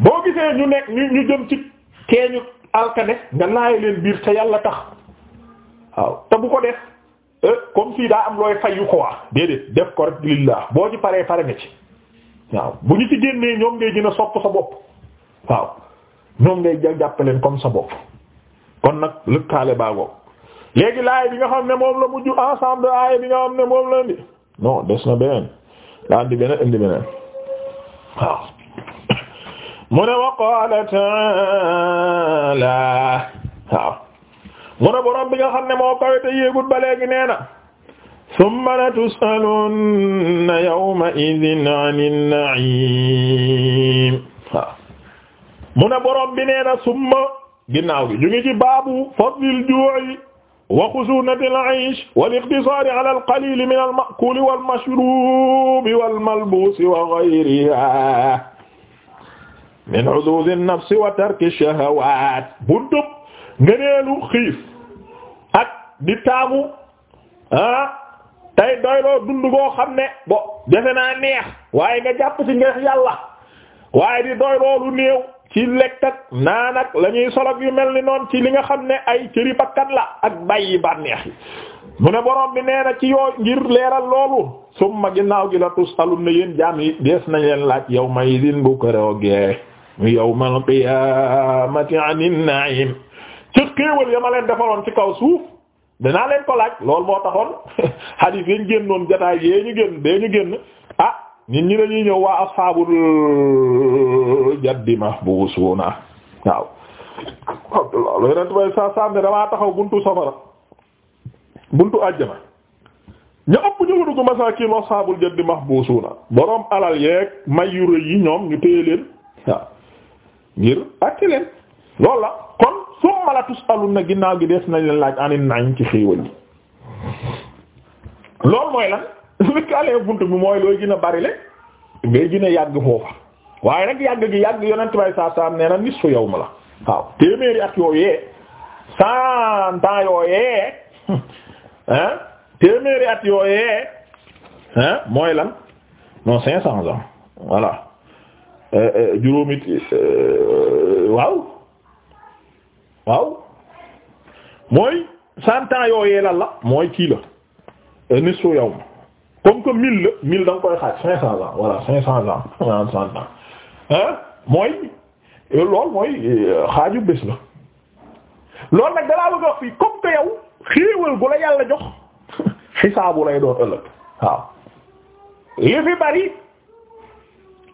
boo gisee ñu nekk ñu ñu jëm ci keeñu alkane nga laaj leen biir te yàlla tax waaw te bu ko def eh, comme si daa am looy fayu ko waa déedéet def ko rek lillah boo ci paree pare nga ci waaw bu ñu ci génnee ñoom ngay gën a sopp sa bopp waaw ñoom ngay jàppaleen comme sa bopp kon nag lëkkaale baago léegi laay bi nga xam ne moom la mujj ensemble laay bi nga xam ne moom la indi non des na beneen daa indi beneen indi beneen waaw mu ne wa qaala ta'aala waaw mu ne borom bi nga xam ne moo kawe te yéegul ba léegi nee na summa latus'alunna yawma idhin 'anil na'iim waaw mu ne borom bi nee na summa ginnaaw gi ñu ngi ci baabu fadlil juu'i wa xusuunatil 'aysh wal iqtisaari 'ala al-qaliil min al-ma'kuuli wal mashruubi wal malbuusi wa ghayrihaa min hudud an-nafs wa tarki shahawat buntub ngëneelu xiif ak di taamu ah tey doyloo dund goo xam ne bo defe naa neex waaye nga jàpp ci ngeex yàlla waaye di doyloo lu néew ci lekk ak naan ak la ñuy yu mel ni noon ci li nga xam ne ay cëri bakkat la ak bàyyi bànneex yi mu ne borom bi nee na ci yoo ngir leeral loolu summa ginnaaw gi la tus alum ne yéen jaam yi dees nañ leen laaj yow may din bu ko rew yawmal qiyaamati anin na'iim ci xéewal ya ma leen defaloon ci kaw suuf danaa leen ko laaj loolu moo taxoon xadiis yi ñu génnoon jotaay yee ñu génn bee ñu génn ah nit ñi dañuy ñëw waa ashaabul jaddi mahbuusuuna waaw Abdullah loolu taxaw buntu safara buntu àjjana ña ëpp ñu wërugu masaakiin ashaabul jaddi mahbuusuuna boroom alal yeeg may rëy yi ñoom ñu téye leen ngir àtte leen loolu la kon summa la tusaluna ginnaaw gi des nañ leen laaj anin nañ ci xéewal yi mooy lan lëkkaalee bunt bi mooy looy gën bari le ngay gën yàgg foofa waaye nag yàgg gi yàgg yonent bay saa saam nee na nisfu yow ma la waaw téeméeri at yooyee cent yooyee hein téeméeri at yooyee hein mooy lan non cinq cents ans voilà Euh, euh, juróomit euh, waaw waaw mooy cent ans yooyee lan la mooy kii la nisu yow comme que mille la mille da nga koy xaaj cinq cents ans voilà cinq cents ans cinq cents ans hein mooy loolu mooy xaaju bés la loolu nag dalaa bëgg a wax fii comme que yow xéewal gu la yàlla jox xisaabu lay doon ëllëg waaw li bari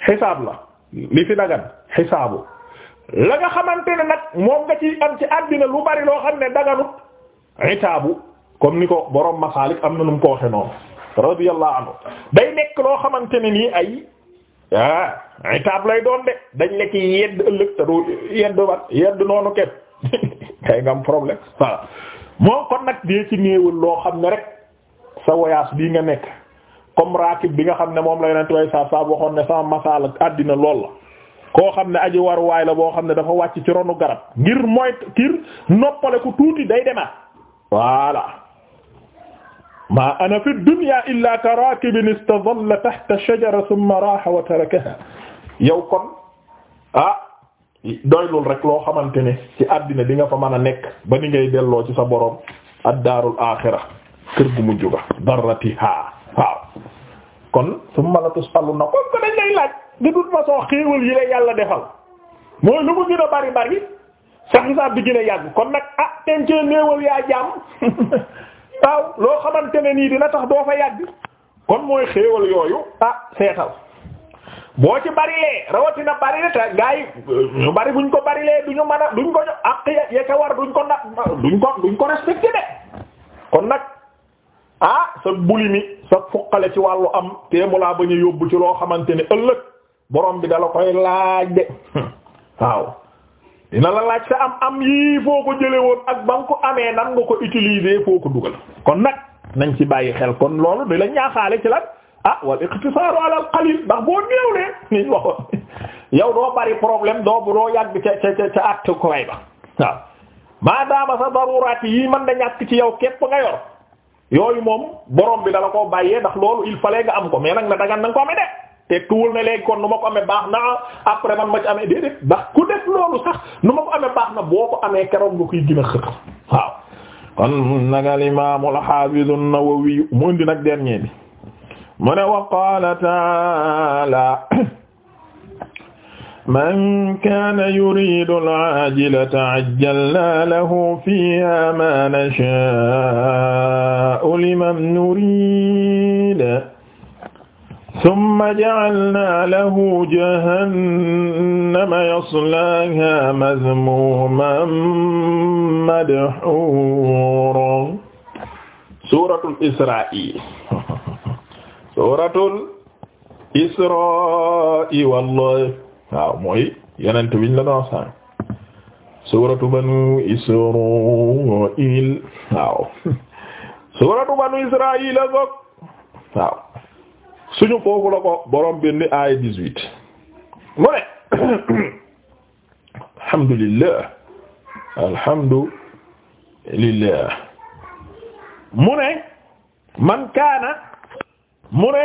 xisaab la li fi dagan xisaabu la nga xamante nag moom nga ci am ci àddina lu bari loo xam ne daganut itaabu comme ni ko borom masaalik am na nu mu ko waxe noonu radiyallahu anhu day nekk loo xamante ni nii ay ah itaab lay doon de dañ la ci yedd ëllëg te du yedd noonu kenn kay nga am moom kon nag dee ci néewul loo xam ne rek sa voyage bii nga nekk comme raakib bi nga xam ne moom la yonent way saa saa waxoon ne sama masal àddina lool la koo xam ne aji war la boo xam ne dafa wàcc ci ronu garab ngir mooy ngir noppale ku tuuti day demaat voilà maa ana fi dunya illa ka raakibin istadalla tahta shajara thumma raha wa yow kon ah doylul rek loo xamante ne ci àddina di nga fa mën a nekk ba ni ngay delloo ci sa boroom ad daarul aaxira kër gu mujj ba darratiha kon summa la na kon ko dañ lay laaj de toute façon xéewal yi la yàlla defal mooy lu mu gën a bari bari sa xisaab bi gën a yàgg kon nag ah ten cee yaa jaam waaw loo xamante ne nii dina tax doo fa yàgg kon mooy xéewal yooyu ah seetal boo ci barilee rawatina bari le te gaa bari buñ ko barilee duñu mën a duñ ko ak ya duñ ko nag duñ ko duñ ko respecté de kon nag ah sa bulimi sa fuqale ci wàllu am teemu laa bañ a yóbbu ci loo xamante ne ëllëg borom bi dala koy laaj de waaw dina la laaj sa am am yii foo ko jële woon ak ba nga ko amee nan nga ko utiliser foo ko dugal kon nag nañ ci bàyyi xel kon loolu di la ñaaxaale ci la ah wal iqtisaaru ala al qalil ndax boo néewlee niñ waxoon yow doo bari problème doo doo yàgg ca ca ca àtt ko way ba waaw maadaama sa daruraat yi mën da ñàkk ci yow képp nga yor yooyu moom borom bi dala koo bàyyee ndax loolu il fallait nga am ko mais nag na dagan na ko amee de te tuwul ne kon nu ma ko amee baax na après man ma ci amee déedéet ndax ku def loolu sax nu ma ko amee baax na boo ko amee keroog nga koy gën a xëq waaw kon nag al imam al hafiz an-Nawawi mu indi nag dernier bi mu ne wa qala ta'ala man kaana yuridu al-aajilata ajjalnaa lahu fiihaa maa nashaa'u liman nuriid summa ja'alnaa lahu jahannama yaslaahaa madhmuuman madhuuraa. suuratul Israa'i suuratul Israa'i wallahi waaw mooy yeneen wiñ la doon suuratu banu Israa'iil waaw suuratu banu Israa'iil la bokk waaw suñu kooku la borom bindi aaya dix mu ne alhamdulillah alhamdulillah mu ne man kaana mu ne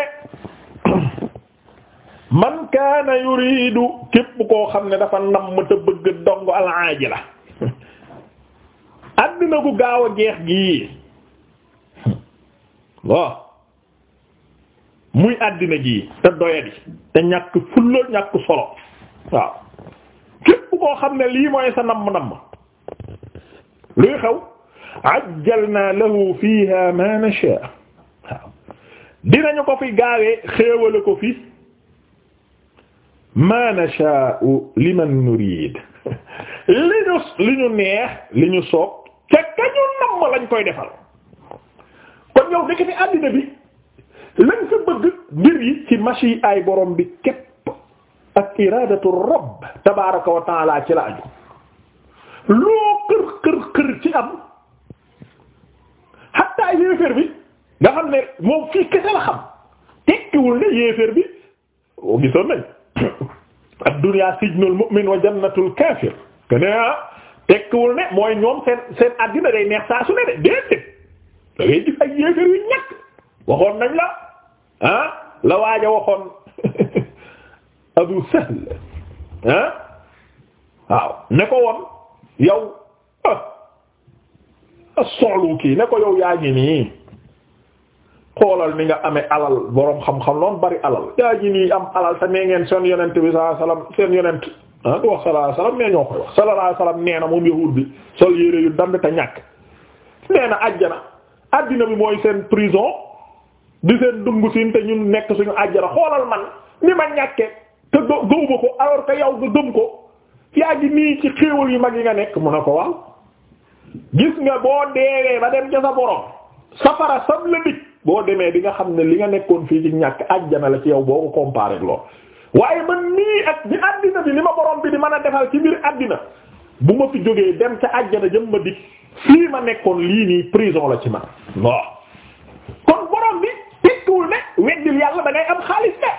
man kaana yuridu képp koo xam ne dafa namm te bëgg dong al aajila àddina gu gaaw a jeex gi waaw muy àddina gii te doyadi te ñàkk fulla ñàkk solo waaw képp koo xam ne lii mooy sa namm namm luy xew ajjalna lahu fiha ma nasha waaw dinañu ko fi gaawee xéewale ko fi ma nasha'u liman nurid li ñu li ñu neex li ñu soob te kañu namm lañ koy defal kon yow nekk fi àddina bi lañ sa bëgg mbir yi ci machi ay borom bi képp ak iradatu rabb tabaraka wa taala ci la aju loo kër kër kër ci am hatta yéeféer bi nga xam ne moom fii kese la xam tekkiwul ne yéeféer bi oh, gisoon nañ ad-dunya sijnul mu'min wa jannatul kaafir tekkiwul ne mooy ñoom seen seen àddina day neex saa su ne de déedéet da ngay gis ak yéefar yu waxoon nañ la la waaj a waxoon Abu Sahl waaw ne ko woon yow ah as-Suluki ne ko yow yaa ngi nii. xoolal ni nga amee alal boroom xam-xam loon bari alal yaa ji nii am alal te nee ngeen seen yonent bi sallallahu alayhi wasallam seen yonent ah du wax sallallahu alayhi wasallam nee ñoo koy wax sallallahu alayhi wasallam nee na moom yahuud bi sol yére yu dand te ñàkk nee na àjjana bi mooy seen prison di seen dung siin te ñun nekk suñu àjjana xoolal man ni ma ñàkkee te gëwuma ko alors que yow nga gëm ko yaa ji nii ci xéewal yi mag yi nga nekk mu ne ko waaw gis nga boo deewee ba dem ca sa safara sam la boo demee di nga xam ne li nga nekkoon fii ci ñàkk àjjana la ci yow boo ko comparé ak lool waaye man nii ak ni àddina bi li ma borom bi di mën a defal ci mbir àddina bu ma fi jógee dem ca àjjana jëm ma dik fii ma nekkoon lii nii prison la ci man waaw kon borom bi tekkiwul ne weddil yàlla da ngay am xaalis ne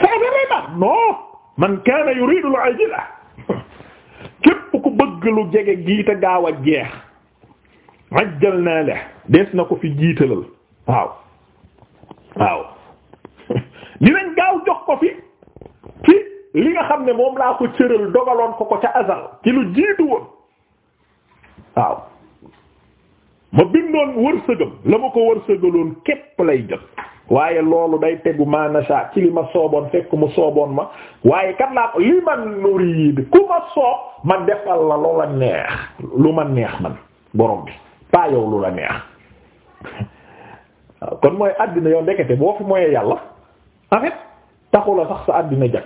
feebar lay baax non man kaana yuridu al-ajila képp ku bëgg lu jege gii te gaaw a jeex ajjal naa la des na ko fi jiitalal waaw waaw dinañ gaaw jox ko fi fi li nga xam ne moom laa ko cëral dogaloon ko ko ca azal ci lu jiitu woon waaw ma bindoon wërsëgam la ma ko wërsëgaloon képp lay jot waaye loolu day tegu maanacha ci li ma sooboon fekk mu sooboon ma waaye kat laa ko li man nurid ku ma soob ma defal la loola neex lu ma neex man borom bi pas lu la neex kon mooy àddina yoo ndekete boo fi mooyee yàlla en fait sax sa àddina jag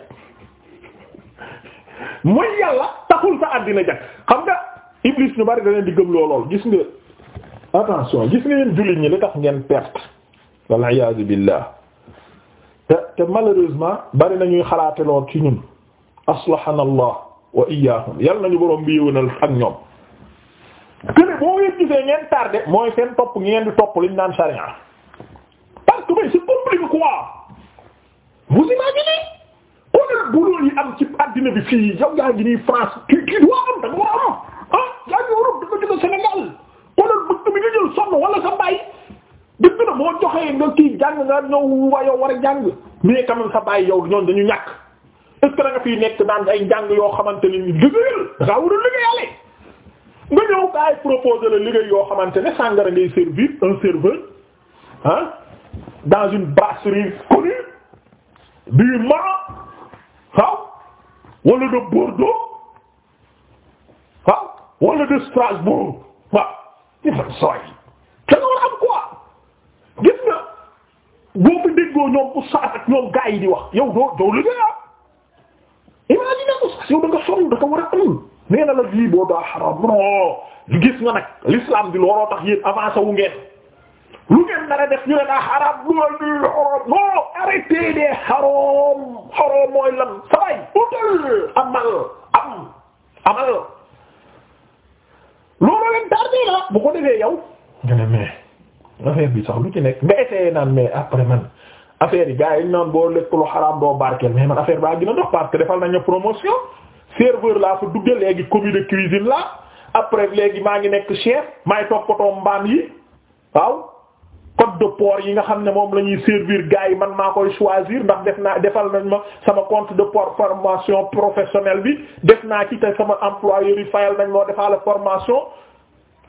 mooy yàlla taxul sa àddina jag xam nga iblis ñu bari da di gëm lool gis nga attention gis nga yéen jullit ñi li tax ngeen perte wal iyaazu billah te te malheureusement bari nañuy xalaate lool ci ñun aslahana allah wa iyyahum yal nañu boroom bi yëwénal ak ñoom kene boo ngeen gisee ngeen tardé mooy seen topp ngeen di topp liñ naan sharia Dubaï c'est compliqué quoi vous imaginez honneur bu loolu yi am ci addina bi fii yow yaa ngi nii France kii kii doo am da nga a am ah yaa ngi Europe da nga jóge Sénégal honneur bëgg joxee nga kii jàng nga ñëw waa yow war a jàng mais quand sa baay yow ñoom dañu ñàkk est-ce que nga fiy nekk daan ay njàng yoo xamante ne nii liggéeyal da liggéeyale nga ñëw kaay proposer la liggéey yoo xamante ne sàngara ngay servir un serveur ah, dans une brasserie connue du Mans waaw wala de Bordeaux waaw wala de Strasbourg waaw ci fan sooy te loolu am quoi gis nga boo fi déggoo ñoom oustaz ak ñoom gaa yi di wax yow doo doo liggéey ah imagine oustaz yow da nga sori da nga war a am na la lii boo daa xaram gis nga nag l'islam bi looloo tax yéen avancé wu ngeen. lu ngeen nar a def ñu ne daa xaraam lu loolu leen tardé la bu ko defee yow nga ne mais affaire bi sax lu ci nekk nga essayé naan mais après man affaire yi gars yi naan boo lekk lu xaraam doo barkeel mais man affaire baa gën a dox parce que defal nañu promotion serveur laa fa dugge léegi commis de cuisine la après léegi maa ngi nekk chef maay toppatoo mbaam yi waaw de port yi nga xam ne moom la ñuy servir gars yi man maa koy choisir ndax def naa defal nañ ma sama compte de port formation professionnelle bi def naa ci te sama employeur yi fayal nañ moo defaa la formation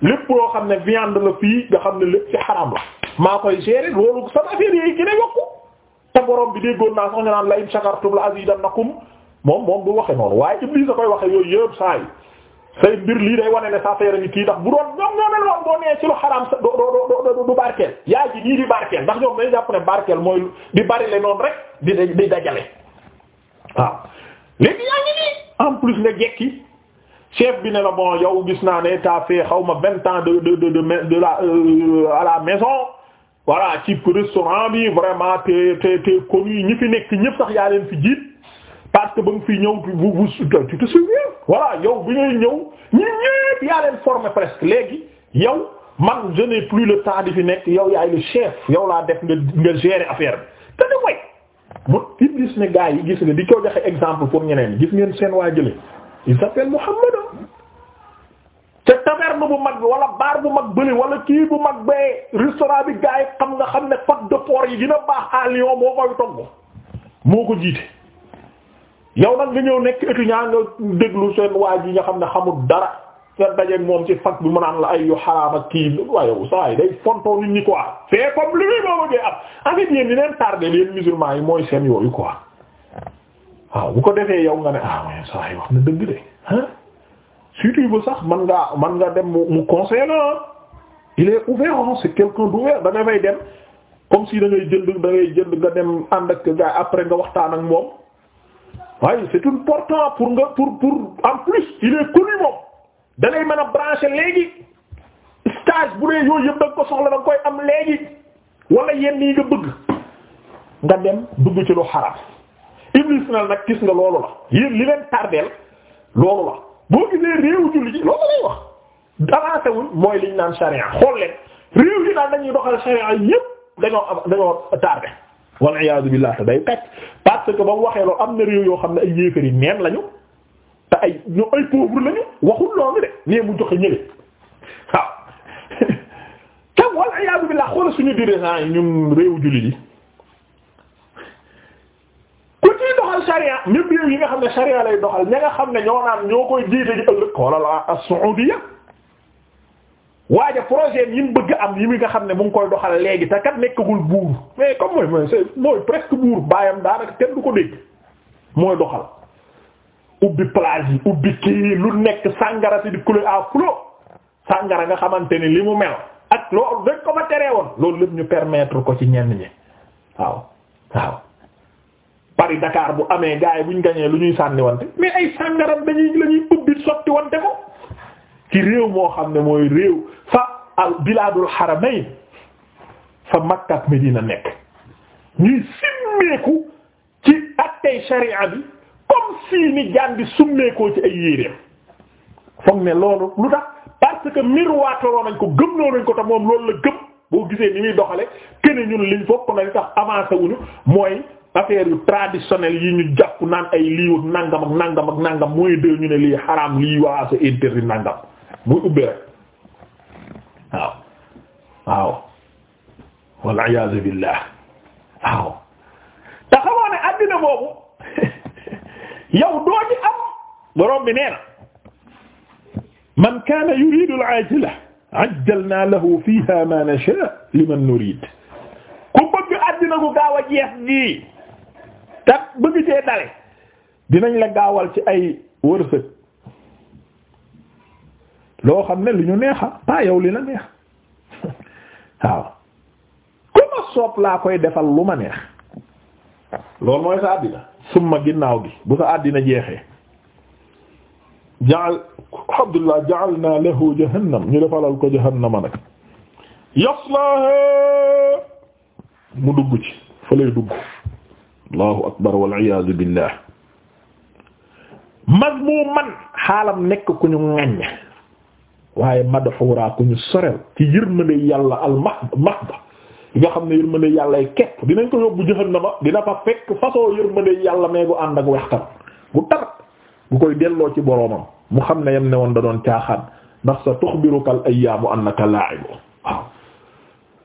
lépp loo xam ne viande la fii nga xam ne lépp ci xaram la maa koy gérer loolu sama affaire yi gën a yokku te borom bi déggoon naa sax ñu naan la in shakartum la azidannakum moom moom du waxe noonu waaye Iblis da koy waxe yooyu yëpp saa yi say mbir lii day wane ne sa sa yaram yi kii ndax bu doon ñoom ñoo mel boo nee ci lu xaraam sa doo doo du barkeel yaa ji nii di barkeel ndax ñoom dañu jàpp ne barkeel mooy di bari le noonu rek di di dajale waaw léegi yaa ngi nii en plus nga jekki chef bi ne la bon yow gis naa ne t'as fait xaw ma vingt ans de de de de la euh, à la maison voilà ci restaurant bi vraiment te te te connu ñi fi nekk ñëpp sax yaa leen fi jiit parce que ba nga fi ñëw vous vous tu te souviens voilà yow bi ngay ñëw ñun ñëpp yaa leen formé presque léegi yow man je n'ai plus le temps di fi nekk yow yaay le chef yow laa def nga nga gérer affaire bi te ni way mu Iblis ne gars yi gis nga di ko joxe exemple pour ñeneen gis ngeen seen waa jële il s'appelle Muhammad te taverne bu mag bi wala bar bu mag bële wala kii bu mag bee restaurant bi gars yi xam nga xam ne pot de porc yi dina baax à moo koy togg moo ko jiite yow nag nga ñëw nekk étudiant nga déglu seen waa ji nga xam ne xamul dara seen dajeeg moom ci fac bi mu naan la ay yu xaraam ak kii waaye yow saa yi day fontoo nit ñi quoi c'est comme li muy yi mooy seen yooyu quoi waaw bu ko defee yow nga ne ah mais saa yi wax dëgg de ah surtout bu sax man ngaa man nga dem mu mu conseil la il est ouvert non c'est quelqu'un d'ouvert da fay dem comme si da ngay jënd da jënd nga dem ànd ak gaa après nga waxtaan ak moom. waaye c'est important pour nga pour pour en plus il est connu moom da lay mën a brancher léegi stage bu dee yooyu yëpp da nga ko soxla da koy am leegi wala yenn yi nga bëgg nga dem dugg ci lu xaram Iblis nal nag gis nga loolu la yéen li leen tardeel loolu la boo gisee réewu julli loolu lay wax avancé wul mooy liñ naan charia xool leen réew yi daal dañuy doxal charia yëpp dañoo am dañoo tardé wal iyaadu billaah te day tàcc parce que ba mu waxee loolu am na réew yoo xam ne ay yéefar yi neen lañu te ay ñu ay pauvre lañu waxul loolu de nee mu joxe ñële waaw te wal iyaadu billaah xoolal suñu dirigeants yi ñun réewu jullit yi ku ciy doxal sharia ñëpp réew yi nga xam ne sharia lay doxal ña nga xam ne ñoo naan ñoo koy jiite ji ëllëg xoolal as-Saudiya projet yi mu bëgg am yi mi nga xam ne mu ngi koy doxal léegi te kat nekkagul buur mais comme mooy mooy c'est mooy presque buur baayam daanaka kenn du ko dégg mooy doxal ubbi plage yi ubbi kii lu nekk sàngara si di couler à flot sàngara nga xamante ni li mu mel ak loolu dañ ko ma teree woon loolu lépp ñu permettre ko ci ñenn ñi waaw waaw Paris Dakar bu amee gars yi buñ gañee lu ñuy sànni wante mais ay dañuy la ubbi sotti wante ko ci réew moo xam ne mooy al bilaadul haramayn fa Makka ak Medina nekk ñuy simmeeku ci attey sharia bi comme si ni jaan bi summeekoo ci ay yéreem foog ne loolu lu tax parce que miroitoo nañ ko gëmloo nañ ko te moom loolu la gëm boo gisee ni muy doxale kene ñun liñ fokk na li tax avancé wuñu mooy affaire yu traditionnelles yi ñu jàpp naan ay liiwut nangam ak nangam ak nangam mooy de ñu ne lii xaraam lii waa sa interdit nangam muy ubbe rek waaw waaw wal iyaazu billah waaw te xamoo ne addina boobu yow doo ci am borom bi nee na man kaana yuridu al ajila ajjalna lahu fiha ma nasha liman nurid ku bëgg addina ku gaaw a jeex gi te bëgg cee dale dinañ la gaawal ci ay wërsëg loo xam ne lu ñu neexa pas yow li la neex waaw ku ma soob laa koy defal lu ma neex loolu mooy sa àddina summa ginnaaw gi bu sa àddina jeexee jaal alhamdulillah ja'alna lahu jahannam ñu ko jahannama nag yaslaha mu dugg ci fa lay dugg allahu akbar wal iyaadu billah mazmuman xaalam nekk ku ñu ŋaññ waaye madxuura ku ñu sorel ci yërmande yàlla al mahd mahda li xam ne yërmande yàllay kepp dinañ ko yóbbu jahannama dina fa fekk façon yërmande yàlla mee gu ànd ak wextan bu tar bu koy delloo ci boroomam mu xam ne yam ne woon da doon caaxaan ndax sa tuxbiruka al ayyaamu annaka laa'ibu waaw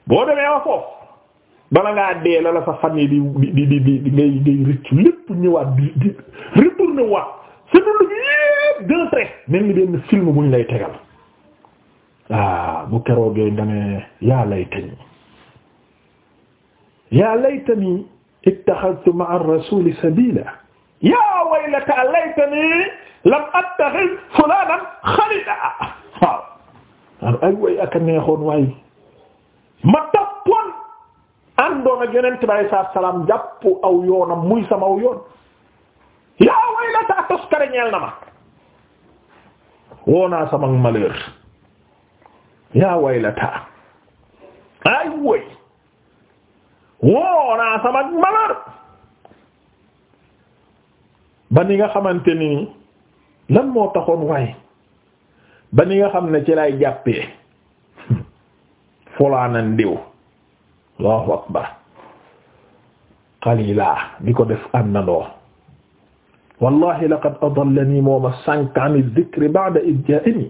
boo demee wa foofu bala ngaa dee la la sa fan yi di di di di ngay ngay rëccu lépp ñëwaat di di retourner waat sa dund bi yépp d'un mel ni benn ah bu keroogee nga ne yaa laytani yaa laytani ittaxadtu ma'a rasuuli sabiila yaa waylata laytani lam attaxid fulaanan xalila waaw ay way ak a neexoon waay ma tappoon àndoon ak Yonent bi alayhi salaatu wa salaam jàpp aw yoonam muy sama aw yoon yaa waylata tos kare ñeel na ma woo naa sama malheur yaa waylataa ay woy woonaa sama malheur ba ni nga xamante ni lan moo taxoon waaye ba ni nga xam ne ci lay jàppee fulaana ndiw allahu akbar qalila di ko def àndandoo wallahi laqad adallani mooma sànk an dhikri ba'da idja'ani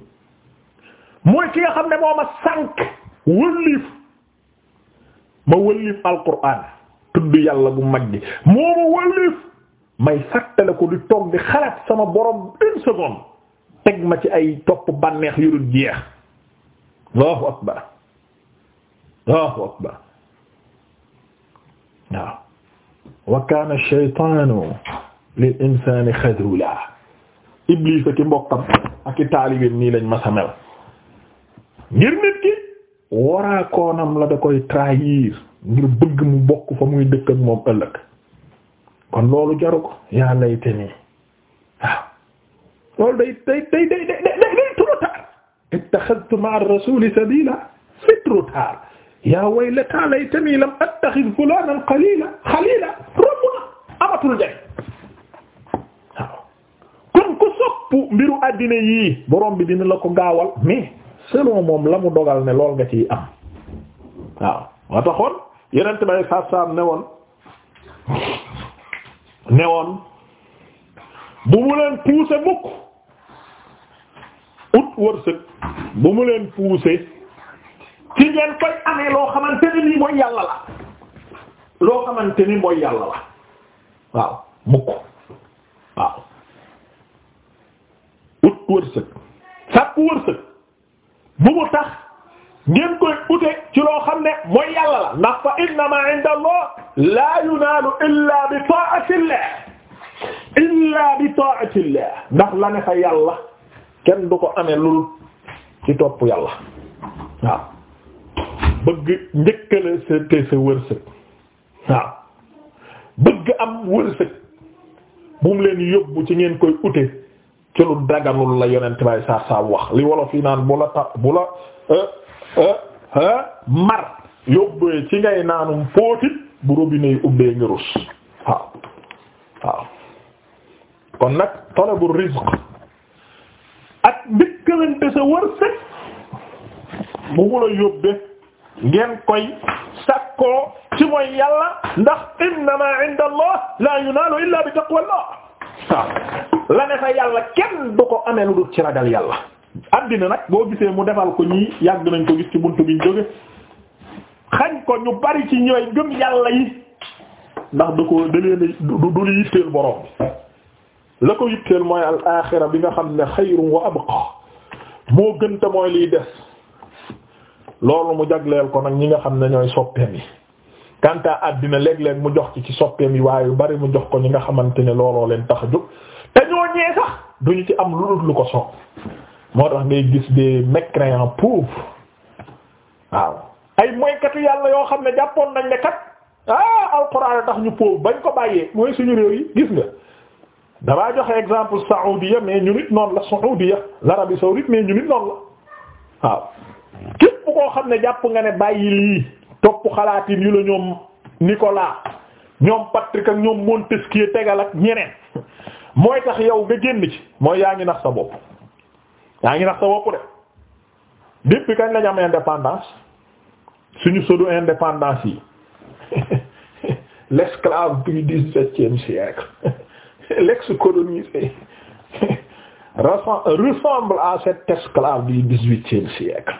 mooy ki nga xam ne moo ma sànq wëlliif ma wëlliif alquran tudd yàlla bu mag gi moo ma wëlliif may fàttale ko di toog di xalaat sama borom une seconde teg ma ci ay topp bànneex yu dul jeex allahu akbar allahu akbar waaw wa kaana ash-shaytaanu lil insaani xadula iblis ak i mbokkam ak i taalibeem nii lañ ma sa mel ngir nit ki waraakoonam la da koy trahir ngir bëgg mu bokk fa muy dëkk ak moom ëllëg kon loolu jaru ko yàlla yi waaw loolu day day day day day day trop tard ittakhadtu ma'a ar-rasuli yaa waylataa laytanii lam attakhidh fulaanan qaliila khaliila rabbuna amatul jay kon ku sopp mbiru àddina yii boroom bi dina la ko gaawal mais selon moom la mu dogal ne lool nga ciy am waaw moo taxoon yeneen bay saab saab ne woon ne woon bu mu leen pousser mukk ut wërsëg bu mu leen pousser ci ngeen koy amee loo xamante ni lii mooy yàlla la loo xamante ni mooy yàlla la waaw mukk waaw ut wërsëg sàkku wërsëg bu mu tax ngeen koy ute ci loo xam ne mooy yàlla la ndax fa innama inda allah la yunaalu illa bi taatillah illa bi taatillah ndax la ne fa yàlla kenn du ko amee lul ci topp yàlla waaw bëgg njëkkale sa te sa wërsëg waaw bëgg am wërsëg bu leen yóbbu ci ngeen koy ute ci lu daganul la yonent bay saa li wolof yi naan bu la ta bu la euh, euh, euh, mar yóbbee ci ngay naanum póoti bu robinet yi ubbee nga rus waaw waaw kon ak ndëkkalante sa wërsëg bu mu la yóbbee koy sakkoo ci mooy yàlla ndax innama inda allah la yunaalu illa bi taqwallah la ne yàlla kenn du ko amee lu dul ci ragal yàlla àddina nag boo gisee mu defal ko ñii yàgg nañ ko gis ci buntu biñ jóge xañ ko ñu bari ci ñooy gëm yàlla yi ndax du ko da leen du du li yitteel borom la ko yitteel mooy al bi nga xam ne xayrun wa abqa moo gën te mooy liy des loolu mu jagleel ko nag ñi nga xam ne ñooy soppeem yi kanta àddina léeg-léeg mu jox ci ci soppeem yi waaye yu bari mu jox ko ñi nga xamante ne looloo leen tax a jóg te ñoo ñee sax duñu ci am lu dul lu ko soog moo tax ngay gis des mécréants pauvres waaw ay moykatu yàlla yoo xam ne jàppoon nañ ne kat ah alxuraan tax ñu pauvre bañ ko bàyyee mooy suñu réew yi gis nga damaa joxe exemple saoudia mais ñu nit noonu la saoudia l'Arabie saoudite mais ñu nit noonu la waaw képp koo xam ne jàpp nga ne bàyyi lii topp xalaatin yu la ñoom Nicolas ñoom Patrick ak ñoom Montesquieu tegal ak ñeneen mooy tax yow nga génn ci mooy yaa ngi nax sa bopp yaa ngi nax sa bopp de depuis kañ lañ am indépendance suñu pseudo indépendance yi l'esclave du dix-septième siècle l'ex-colonisé ressemble à cet esclave du dix-huitième siècle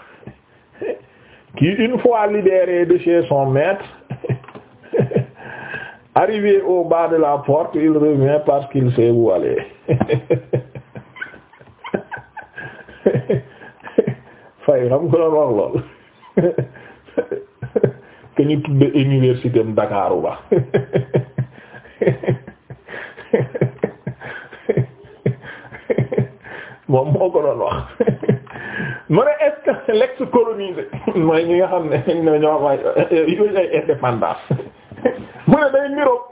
qui une fois libéré de chez son maître arrivé au de la porte il revient parce qu'il sait où aller fay xam nga loolu wax lool que ñu tudde université m Dakaaru ba moom moo ko doon wax mu ne ñi nga xam ne ñoo may yooyu ay indépendance mu ne day niroog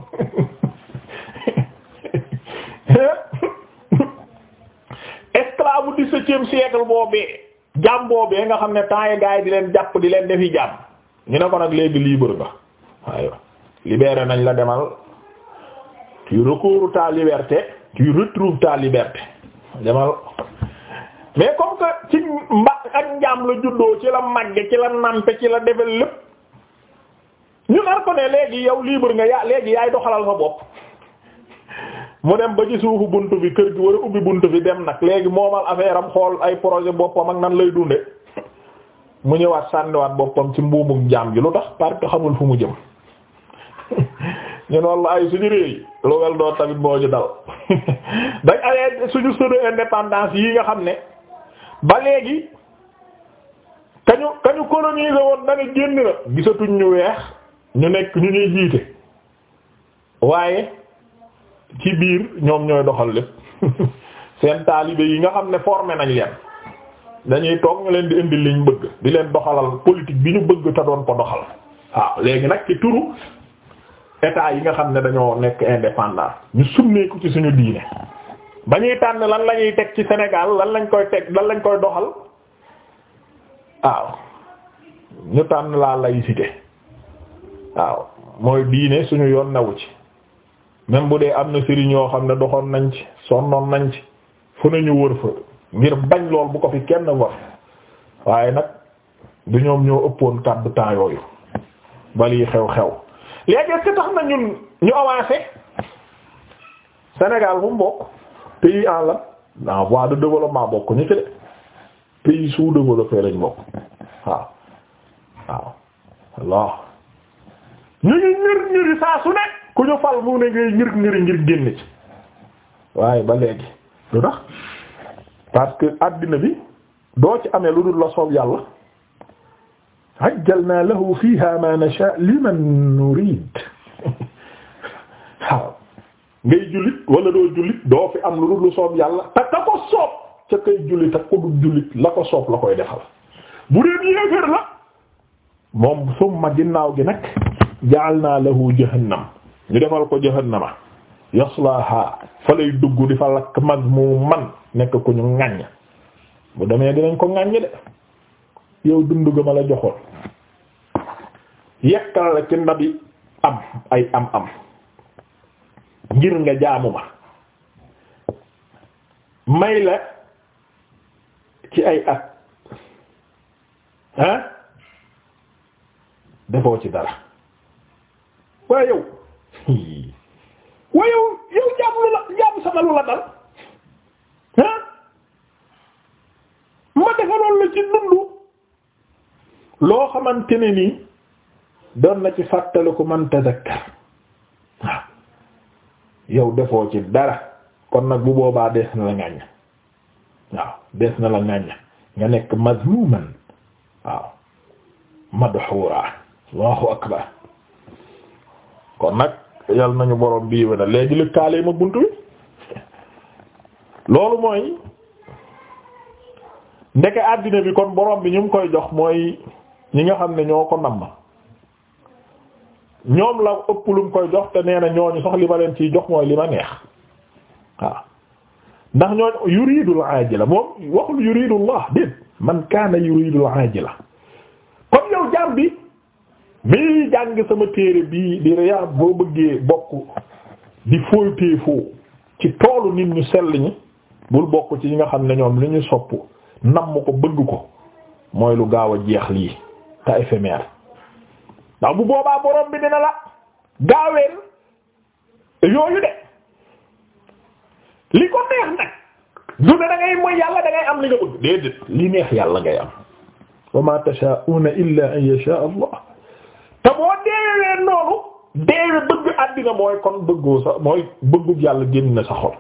esclave bu dix-septième siècle boobee jàmm boobee nga xam ne temps yi di leen jàpp di leen defi jàmm ñu ne ko nag léegi libre nga aywa libéré nañ la demal tu recours ta liberté tu retrouves ta liberté demal mais comme que ci mba ak njaam la juddoo ci la màgge ci la nampe ci la defal lépp ñu nar ko ne léegi yow libre nga yaa léegi yaay doxalal sa bopp mu dem ba ci suufu buntu bi kër gi war a ubbi buntu bi dem nag léegi moomal affaire am xool ay projet boppam ak nan lay dunde mu ñëwaat sànniwaat boppam ci mbuumum jaam ji lu tax parce xamul fu mu jëm ñun walla ay suñu réew yi ñu dal indépendance yi nga xam ne ba léegi kañu kañu coloniser woon na génn na gisatuñ ñu weex ñu nekk ñu ne jiite waaye ci biir ñoom ñooy doxal lépp seen taalibe yi nga xam ne formé nañ leen dañuy toog ñu leen di indi liñ bëgg di leen doxalal politique bi ñu bëgg te doon ko doxal waaw léegi nag ci turu état yi nga xam ne dañoo nekk indépendant ñu summeeku ci suñu diine ba ñuy tànn lan la teg ci Sénégal lan lañ koy teg lan lañ koy doxal waaw ñu tànn la laïcité waaw mooy diine suñu yoon newu ci même bu dee am na sëriñ yoo xam ne doxoon nañ ci sonnoon nañ ci fu ñu wër fa ngir bañ lool bu ko fi kenn war waaye nag du ñoom ñoo ëppoon kàddu temps yooyu bali xew-xew léegi est tax na ñun ñu avancé Sénégal bu mu pays en la en voie de développement bokk ñu ci de pays sous-développé lañ bokk waaw waaw ñu ngi ñir ñiri saa su nekk ku ñu fal mu ne ngay ñir ñiri ngir génn ci waaye ba léegi lu tax parce que àddina bi doo ci amee lu dul la soob yàlla ajjalna lahu fiha ma nasha ngay jullit wala doo jullit doo fi am lu lu soob yàlla te ka ko soob ca kay jullit ak ko du jullit la ko soob la koy defal bu dee yéeféer la moom summa ginnaaw gi nag ja'alna lahu jahannam ñu defal ko jahannama yaslaha fa lay dugg di fa lakk mazmuman nekk ku ñu ŋàññ bu demee dinañ ko ŋàññ de yow dundu ga ma la joxoon yekkal la ci ndabi am ay am am ngir nga jaamu ma may la ci ay at ah defoo ci dara waaye yow waaye yow jaamu la jaamu sama lu la dal ah ma defaloon la ci dundu loo xamante ne nii doon na ci fàttaliku man tazakkar yow defoo ci dara kon nag bu boobaa des na la ŋàññ waaw des na la ŋàññ nga nekk mazmuman waaw madhura allahu akbar kon nag yal nañu borom bii wena léegi lëkkaale ma bunt bi loolu mooy ndeke àddina bi kon borom bi ñu ngi koy jox mooy ñi nga xam ne ñoo ko namm ñoom la ëpp lu koy jox te nee na ñoo sox li ma leen ciy jox mooy li ma neex waaw ndax ñooñu yuridul ajila moom waxul yuridullah déet man kaana yuridul ajila comme yow jaam bi mii jàng sama téere bii di riyaa boo bëggee bokk di fooy téefoo ci toolu nit ñu sell ñi bul bokk ci ñi nga xam ne ñoom li ñu sopp namm ko bëgg ko mooy lu gaaw a jeex lii te éphémère ndax bu boobaa borom bi dina la gaaweel yooyu de li ko neex nag du ne da mooy yàlla da am li nga bëgg déedéet li neex yàlla ngay am wa ma tashaauna illa an yasha allah te boo deewee noonu deewe bëgg àddina mooy kon bëggoo sa mooy bëggug yàlla génn na sa xol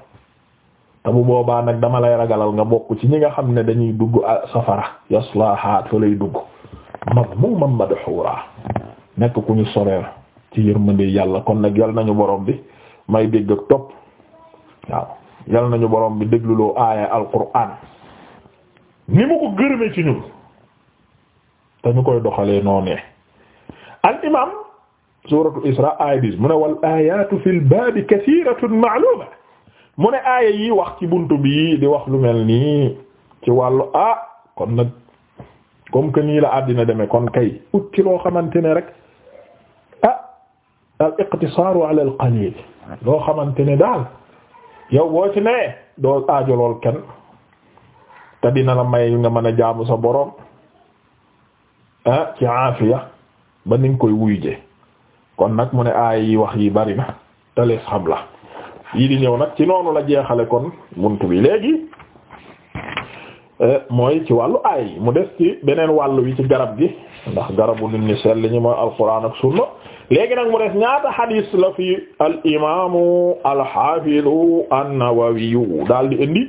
te boobaa nag dama lay ragalal nga bokk ci ñi nga xam ne dañuy dugg safara yaslaha fa lay dugg madmuman madhura nekk ku ñu soreel ci yërmande yàlla kon nag yal nañu borom bi may dégg ak topp waaw yal nañu borom bi dégluloo aaya alquran ni mu ko gërëme ci ñun te ñu koy doxalee noonee al imam suratu isra aaya mu ne wal ayatu fil baabi kathiratun ma'luma mu ne aaya yi wax ci bunt bi di wax lu mel nii ci wàllu ah kon nag comme que nii la àddina demee kon kay ut ci loo xamante ne rek al iqtisaaru ala al qalil loo xamante ne daal yow boo ci nee doo aajolool kenn te dina la may nga mën a jaamu sa boroom ah ci aafiya ba ni nga koy wuyje kon nag mu ne aay yi wax yi bari na te lees xam la yii di ñëw nag ci noonu la jeexale kon bunt bi léegi eh, mooy ci wàllu aay mu des ci beneen wàll wi ci garab gi ndax garabu nit ñi sell ñi mooy alquran ak sunna léegi nag mu des ñaata xadis la fi al imaamu al xaafidu an-Nawawi daal di indi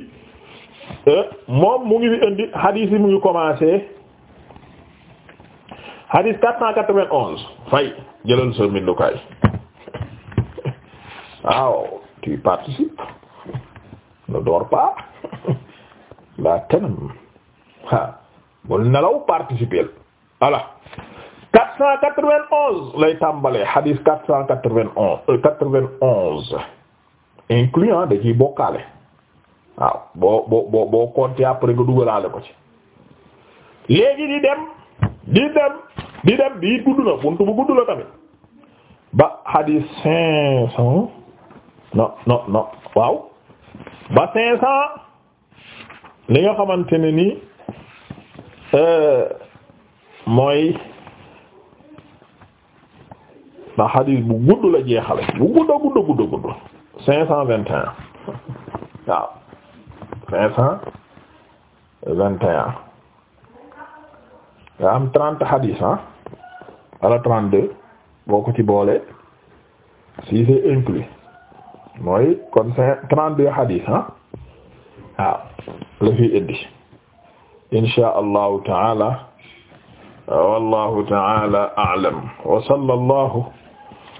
eh, moom mu ngi fi indi xadis yi mu ngi commencé xadis 491 fay jëlal sa bindukaay waaw tu participes ne dors pas la tenam waaw bul nelaw participer ala quatre cent quatre-vingt-onze lay tàmbalee hadith quatre cent quatre-vingt-onze euh, quatre-vingt-onze incluant da ciy bokkaale waaw boo boo boo boo compter après nga dugalaale ko ci léegi di dem di dem di dem bii gudd na buntu bu gudd la tamit ba hadith cinq cent non non non waaw ba cinq cent li nga xamante ne nii euh, mooy ndax xadiis bu gudd la jeexale bu gudd a gudd cinq cent vingt et un cinq cent vingt et un nga am trente ah. wala trente deux boo ko ci boole si c'est inclus mooy kon cinq trente deux xadiis ah waaw la fi indi insha allahu taala wallahu taala a'lam wa sallallahu